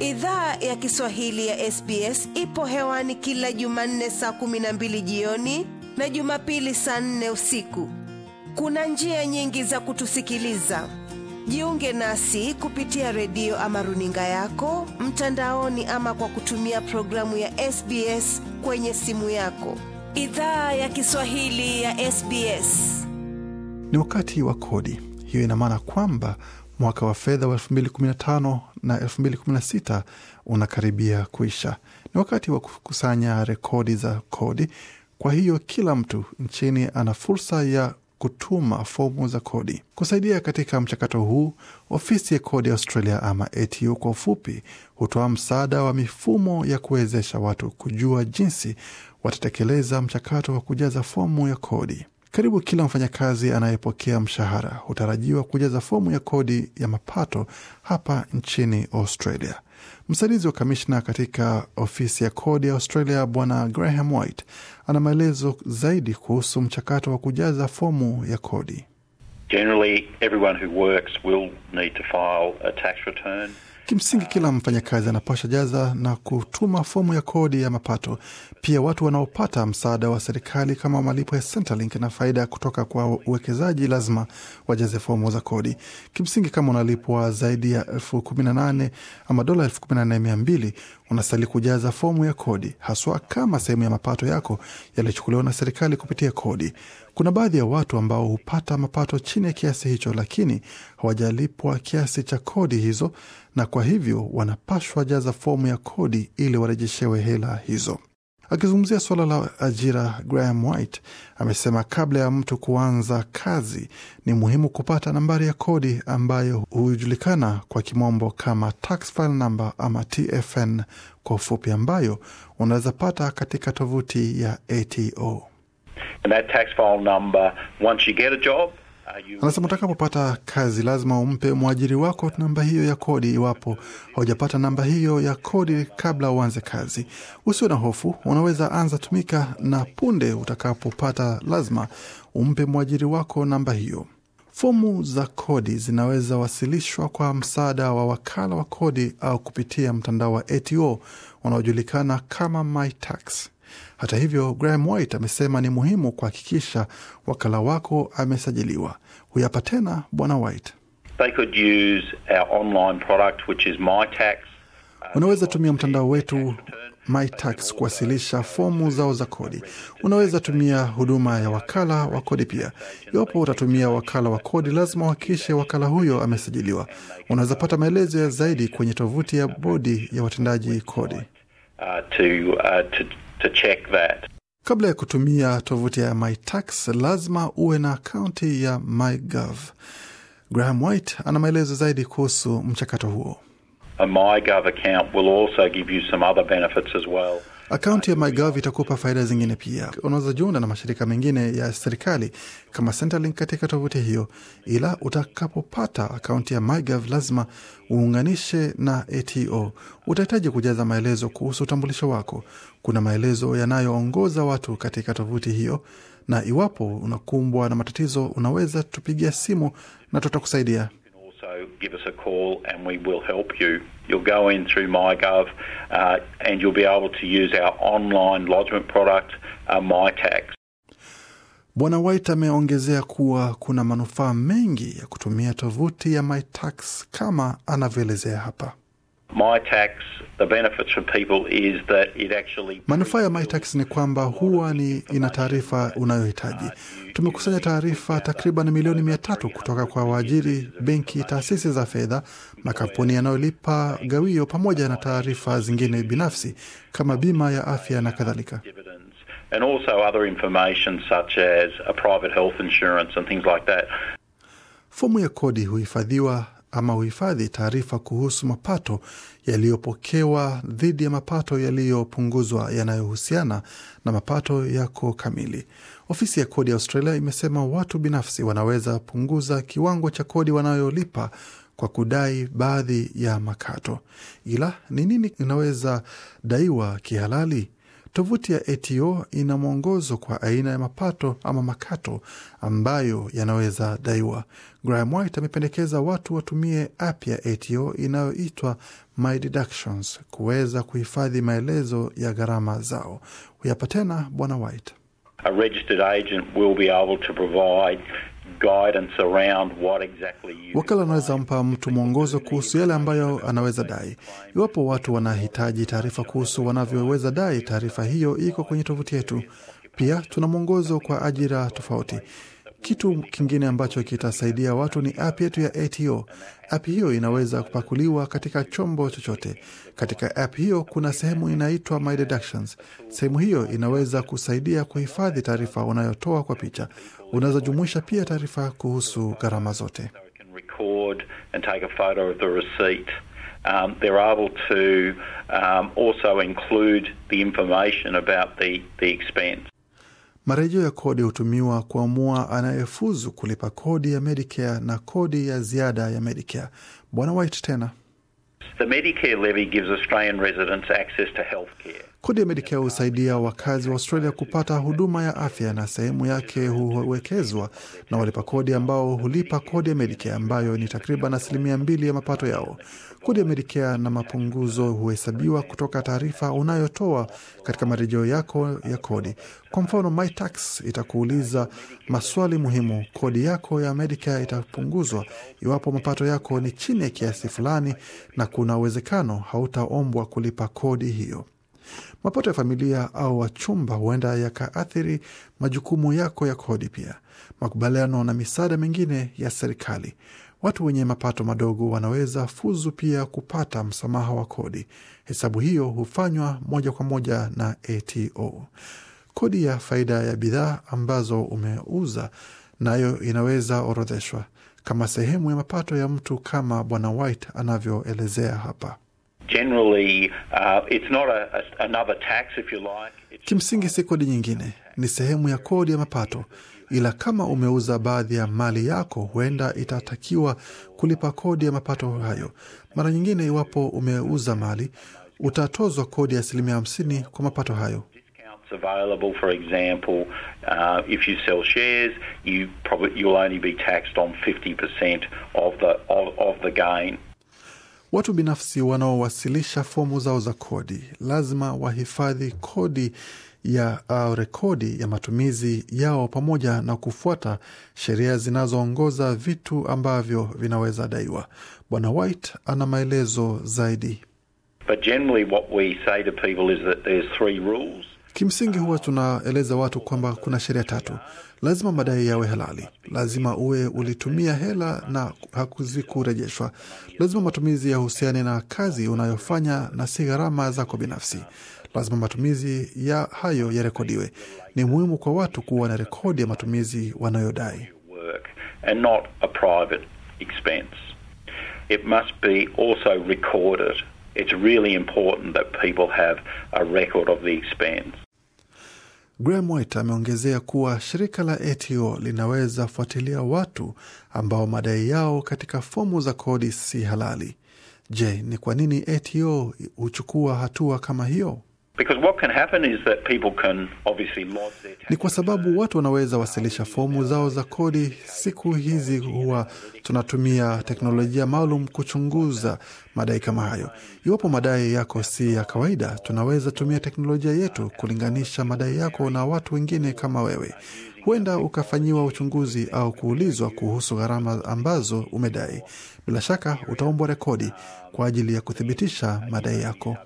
idhaa ya kiswahili ya sbs ipo hewani kila jumanne saa kumi na mbili jioni na jumapili saa nne usiku kuna njia nyingi za kutusikiliza jiunge nasi kupitia redio ama runinga yako mtandaoni ama kwa kutumia programu ya sbs kwenye simu yako idhaa ya kiswahili ya sbs ni wakati wa kodi hiyo ina maana kwamba Mwaka wa fedha wa 2015 na 2016 unakaribia kuisha. Ni wakati wa kukusanya rekodi za kodi. Kwa hiyo kila mtu nchini ana fursa ya kutuma fomu za kodi. Kusaidia katika mchakato huu, ofisi ya kodi Australia ama ATU kwa ufupi, hutoa msaada wa mifumo ya kuwezesha watu kujua jinsi watatekeleza mchakato wa kujaza fomu ya kodi. Karibu kila mfanyakazi anayepokea mshahara hutarajiwa kujaza fomu ya kodi ya mapato hapa nchini Australia. Msaidizi wa kamishna katika ofisi ya kodi ya Australia Bwana Graham White ana maelezo zaidi kuhusu mchakato wa kujaza fomu ya kodi. Generally, everyone who works will need to file a tax return. Kimsingi, kila mfanyakazi anapasha jaza na kutuma fomu ya kodi ya mapato. Pia watu wanaopata msaada wa serikali kama malipo ya Centrelink na faida kutoka kwa uwekezaji lazima wajaze fomu za kodi. Kimsingi, kama unalipwa zaidi ya elfu kumi na nane ama dola elfu kumi na nane mia mbili unastahili kujaza fomu ya kodi, haswa kama sehemu ya mapato yako yaliyochukuliwa na serikali kupitia kodi. Kuna baadhi ya watu ambao hupata mapato chini ya kiasi hicho, lakini hawajalipwa kiasi cha kodi hizo, na kwa hivyo wanapashwa jaza fomu ya kodi ili warejeshewe hela hizo. Akizungumzia suala la ajira, Graham White amesema kabla ya mtu kuanza kazi ni muhimu kupata nambari ya kodi ambayo hujulikana kwa kimombo kama tax file number ama TFN kwa ufupi, ambayo unaweza pata katika tovuti ya ATO. And that tax file number, once you get a job, uh, Anasema utakapopata kazi lazima umpe mwajiri wako namba hiyo ya kodi. Iwapo haujapata namba hiyo ya kodi kabla uanze kazi, usio na hofu, unaweza anza tumika, na punde utakapopata lazima umpe mwajiri wako namba hiyo. Fomu za kodi zinaweza wasilishwa kwa msaada wa wakala wa kodi au kupitia mtandao wa ATO unaojulikana kama MyTax. Hata hivyo, Graham White amesema ni muhimu kuhakikisha wakala wako amesajiliwa. Huyapa tena Bwana White. They could use our online product, which is MyTax. Unaweza tumia mtandao wetu MyTax kuwasilisha fomu zao za kodi. Unaweza tumia huduma ya wakala wa kodi pia. Iwapo utatumia wakala wa kodi, lazima uhakikishe wakala huyo amesajiliwa. Unaweza pata maelezo ya zaidi kwenye tovuti ya bodi ya watendaji kodi. Uh, uh, to check that. Kabla ya kutumia tovuti ya MyTax lazima uwe na akaunti ya MyGov. Graham White ana maelezo zaidi kuhusu mchakato huo. A MyGov account will also give you some other benefits as well. Akaunti ya MyGov itakupa faida zingine pia. Unaweza na mashirika mengine ya serikali kama Centrelink katika tovuti hiyo, ila utakapopata akaunti ya MyGov lazima uunganishe na ATO. Utahitaji kujaza maelezo kuhusu utambulisho wako. Kuna maelezo yanayoongoza watu katika tovuti hiyo, na iwapo unakumbwa na matatizo, unaweza tupigia simu na tutakusaidia. So give us a call and we will help you. You'll go in through MyGov uh, and you'll be able to use our online lodgement product, uh, MyTax. Bwana White ameongezea kuwa kuna manufaa mengi ya kutumia tovuti ya MyTax kama anavyoelezea hapa. Manufaa ya MyTax ni kwamba huwa ni ina taarifa unayohitaji. Uh, Tumekusanya taarifa takriban milioni mia tatu kutoka kwa waajiri, benki, taasisi za fedha, makampuni yanayolipa gawio, pamoja na taarifa zingine binafsi kama bima ya afya na kadhalika. Fomu ya kodi huhifadhiwa ama uhifadhi taarifa kuhusu mapato yaliyopokewa dhidi ya mapato yaliyopunguzwa yanayohusiana na mapato yako kamili. Ofisi ya kodi ya Australia imesema watu binafsi wanaweza punguza kiwango cha kodi wanayolipa kwa kudai baadhi ya makato. Ila ni nini inaweza daiwa kihalali? Tovuti ya ATO ina mwongozo kwa aina ya mapato ama makato ambayo yanaweza daiwa. Graham White amependekeza watu watumie app ya ATO inayoitwa My Deductions kuweza kuhifadhi maelezo ya gharama zao. Huyapa tena Bwana White. A registered agent will be able to provide Wakala anaweza mpa mtu mwongozo kuhusu yale ambayo anaweza dai. Iwapo watu wanahitaji taarifa kuhusu wanavyoweza dai, taarifa hiyo iko kwenye tovuti yetu. Pia tuna mwongozo kwa ajira tofauti. Kitu kingine ambacho kitasaidia watu ni app yetu ya ATO. App hiyo inaweza kupakuliwa katika chombo chochote. Katika app hiyo kuna sehemu inaitwa My Deductions. Sehemu hiyo inaweza kusaidia kuhifadhi taarifa unayotoa kwa picha. Unaweza jumuisha pia taarifa kuhusu gharama zote. Um, they're able to um, also include the information about the, the expense. Marejeo ya kodi hutumiwa kuamua anayefuzu kulipa kodi ya Medicare na kodi ya ziada ya Medicare. Bwana White tena The Medicare levy gives Australian residents access to healthcare. Kodi ya Medicare husaidia wakazi wa Australia kupata huduma ya afya na sehemu yake huwekezwa na walipa kodi ambao hulipa kodi ya Medicare ambayo ni takriban asilimia mbili ya mapato yao. Kodi ya Medicare na mapunguzo huhesabiwa kutoka taarifa unayotoa katika marejeo yako ya kodi. Kwa mfano, MyTax itakuuliza maswali muhimu. Kodi yako ya Medicare itapunguzwa iwapo mapato yako ni chini ya kiasi fulani, na kuna uwezekano hautaombwa kulipa kodi hiyo. Mapato ya familia au wachumba huenda yakaathiri majukumu yako ya kodi, pia makubaliano na misaada mingine ya serikali. Watu wenye mapato madogo wanaweza fuzu pia kupata msamaha wa kodi. Hesabu hiyo hufanywa moja kwa moja na ATO. Kodi ya faida ya bidhaa ambazo umeuza nayo inaweza orodheshwa kama sehemu ya mapato ya mtu kama Bwana White anavyoelezea hapa generally, uh, it's not a, a, another tax if you like. Kimsingi si kodi nyingine, ni sehemu ya kodi ya mapato, ila kama umeuza baadhi ya mali yako, huenda itatakiwa kulipa kodi ya mapato hayo. Mara nyingine, iwapo umeuza mali, utatozwa kodi ya asilimia hamsini kwa mapato hayo available. For example, uh, if you sell shares, you probably you'll only be taxed on 50% of the of, of the gain. Watu binafsi wanaowasilisha fomu zao za kodi lazima wahifadhi kodi ya uh, rekodi ya matumizi yao pamoja na kufuata sheria zinazoongoza vitu ambavyo vinaweza daiwa. Bwana White ana maelezo zaidi. But generally what we say to people is that there's three rules. Kimsingi huwa tunaeleza watu kwamba kuna sheria tatu: lazima madai yawe halali, lazima uwe ulitumia hela na hakuzikurejeshwa, lazima matumizi yahusiane na kazi unayofanya na si gharama zako binafsi, lazima matumizi ya hayo yarekodiwe. Ni muhimu kwa watu kuwa na rekodi ya matumizi wanayodai. It must be also recorded it's really important that people have a record of the expense. Graham White ameongezea kuwa shirika la ATO linaweza fuatilia watu ambao madai yao katika fomu za kodi si halali. Je, ni kwa nini ATO huchukua hatua kama hiyo? Ni kwa sababu watu wanaweza wasilisha fomu zao za kodi. Siku hizi huwa tunatumia teknolojia maalum kuchunguza madai kama hayo. Iwapo madai yako si ya kawaida, tunaweza tumia teknolojia yetu kulinganisha madai yako na watu wengine kama wewe. Huenda ukafanyiwa uchunguzi au kuulizwa kuhusu gharama ambazo umedai. Bila shaka utaombwa rekodi kwa ajili ya kuthibitisha madai yako.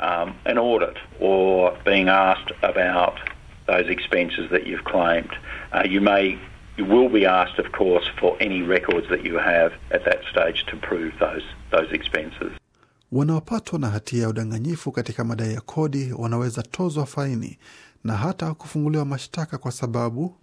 um, an audit or being asked about those expenses that you've claimed. Uh, you may, you will be asked, of course, for any records that you have at that stage to prove those those expenses. Wanaopatwa na hatia ya udanganyifu katika madai ya kodi wanaweza tozwa faini na hata kufunguliwa mashtaka kwa sababu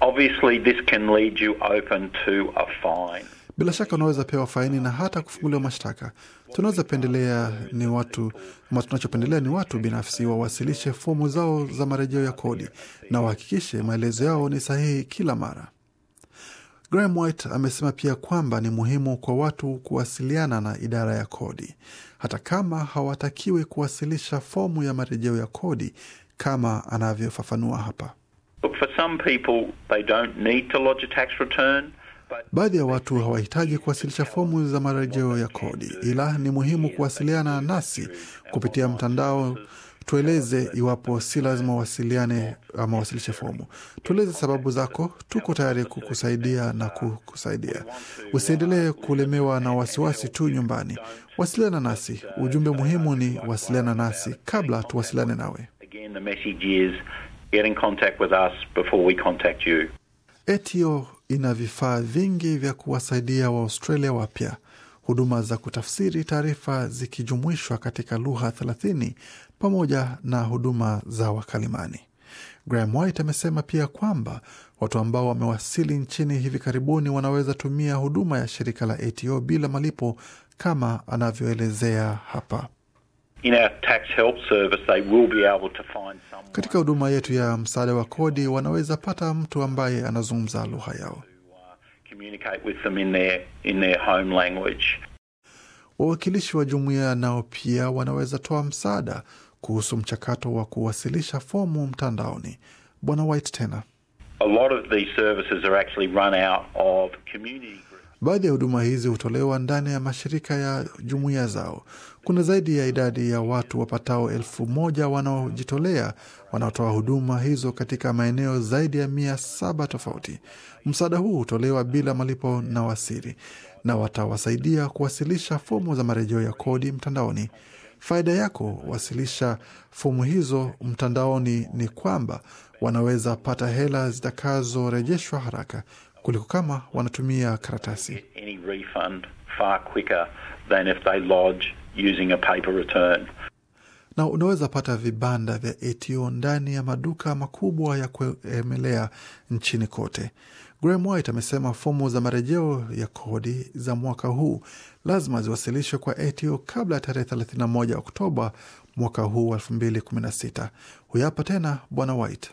Obviously this can lead you open to a fine. Bila shaka unaweza pewa faini na hata kufunguliwa mashtaka. Tunaweza pendelea ni watu ama, tunachopendelea ni watu binafsi wawasilishe fomu zao za marejeo ya kodi na wahakikishe maelezo yao ni sahihi kila mara. Graham White amesema pia kwamba ni muhimu kwa watu kuwasiliana na idara ya kodi hata kama hawatakiwi kuwasilisha fomu ya marejeo ya kodi, kama anavyofafanua hapa. Look, for some people, they don't need to lodge a tax return. Baadhi ya watu hawahitaji kuwasilisha fomu za marejeo ya kodi, ila ni muhimu kuwasiliana nasi kupitia mtandao. Tueleze iwapo si lazima uwasiliane ama wasilishe fomu. Tueleze sababu zako, tuko tayari kukusaidia na kukusaidia. Uh, Usiendelee kulemewa na wasiwasi tu nyumbani. Wasiliana nasi. Uh, Ujumbe muhimu ni wasiliana nasi kabla tuwasiliane nawe. Etio ina vifaa vingi vya kuwasaidia Waaustralia wapya, huduma za kutafsiri taarifa zikijumuishwa katika lugha 30 pamoja na huduma za wakalimani. Graham White amesema pia kwamba watu ambao wamewasili nchini hivi karibuni wanaweza tumia huduma ya shirika la ATO bila malipo kama anavyoelezea hapa. In our tax help service, they will be able to find someone... Katika huduma yetu ya msaada wa kodi wanaweza pata mtu ambaye anazungumza lugha yao. Uh, communicate with them in their, in their home language. Wawakilishi wa jumuiya nao pia wanaweza toa msaada kuhusu mchakato wa kuwasilisha fomu mtandaoni. Bwana White tena. A lot of these services are actually run out of community Baadhi ya huduma hizi hutolewa ndani ya mashirika ya jumuiya zao. Kuna zaidi ya idadi ya watu wapatao elfu moja wanaojitolea wanaotoa huduma hizo katika maeneo zaidi ya mia saba tofauti. Msaada huu hutolewa bila malipo na wasiri na watawasaidia kuwasilisha fomu za marejeo ya kodi mtandaoni. Faida yako wasilisha fomu hizo mtandaoni ni kwamba wanaweza pata hela zitakazorejeshwa haraka kuliko kama wanatumia karatasi. Na unaweza pata vibanda vya ATO ndani ya maduka makubwa ya kuemelea nchini kote. Graham White amesema fomu za marejeo ya kodi za mwaka huu lazima ziwasilishwe kwa ATO kabla ya tarehe 31 Oktoba mwaka huu wa 2016. Huyu tena Bwana White.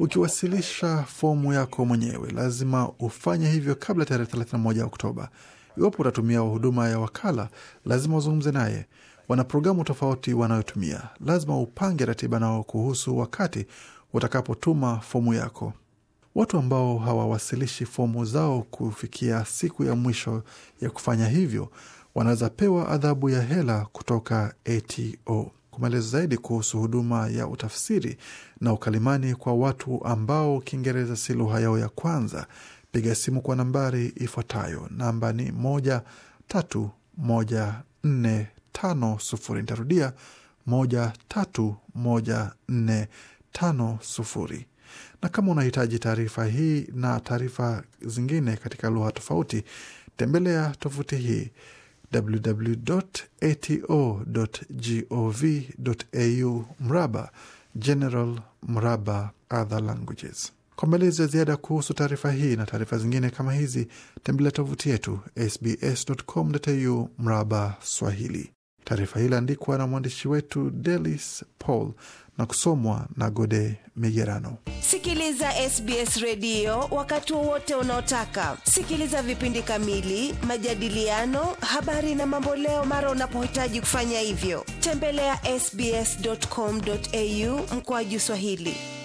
Ukiwasilisha fomu yako mwenyewe lazima ufanye hivyo kabla tarehe 31 Oktoba. Iwapo utatumia huduma ya wakala, lazima uzungumze naye. Wana programu tofauti wanayotumia. Lazima upange ratiba nao kuhusu wakati utakapotuma fomu yako. Watu ambao hawawasilishi fomu zao kufikia siku ya mwisho ya kufanya hivyo wanaweza pewa adhabu ya hela kutoka ATO maelezo zaidi kuhusu huduma ya utafsiri na ukalimani kwa watu ambao Kiingereza si lugha yao ya kwanza, piga simu kwa nambari ifuatayo. Namba ni moja tatu moja nne tano sufuri. Nitarudia moja tatu moja nne tano sufuri. Na kama unahitaji taarifa hii na taarifa zingine katika lugha tofauti, tembelea tovuti hii www.ato.gov.au mraba general mraba other languages. Kwa maelezo ya ziada kuhusu taarifa hii na taarifa zingine kama hizi, tembelea tovuti yetu sbs.com.au mraba Swahili. Taarifa hii iliandikwa na mwandishi wetu Delis Paul na kusomwa na Gode Migerano. Sikiliza SBS redio wakati wowote unaotaka. Sikiliza vipindi kamili, majadiliano, habari na mamboleo mara unapohitaji kufanya hivyo. Tembelea ya sbs.com.au mkoaju Swahili.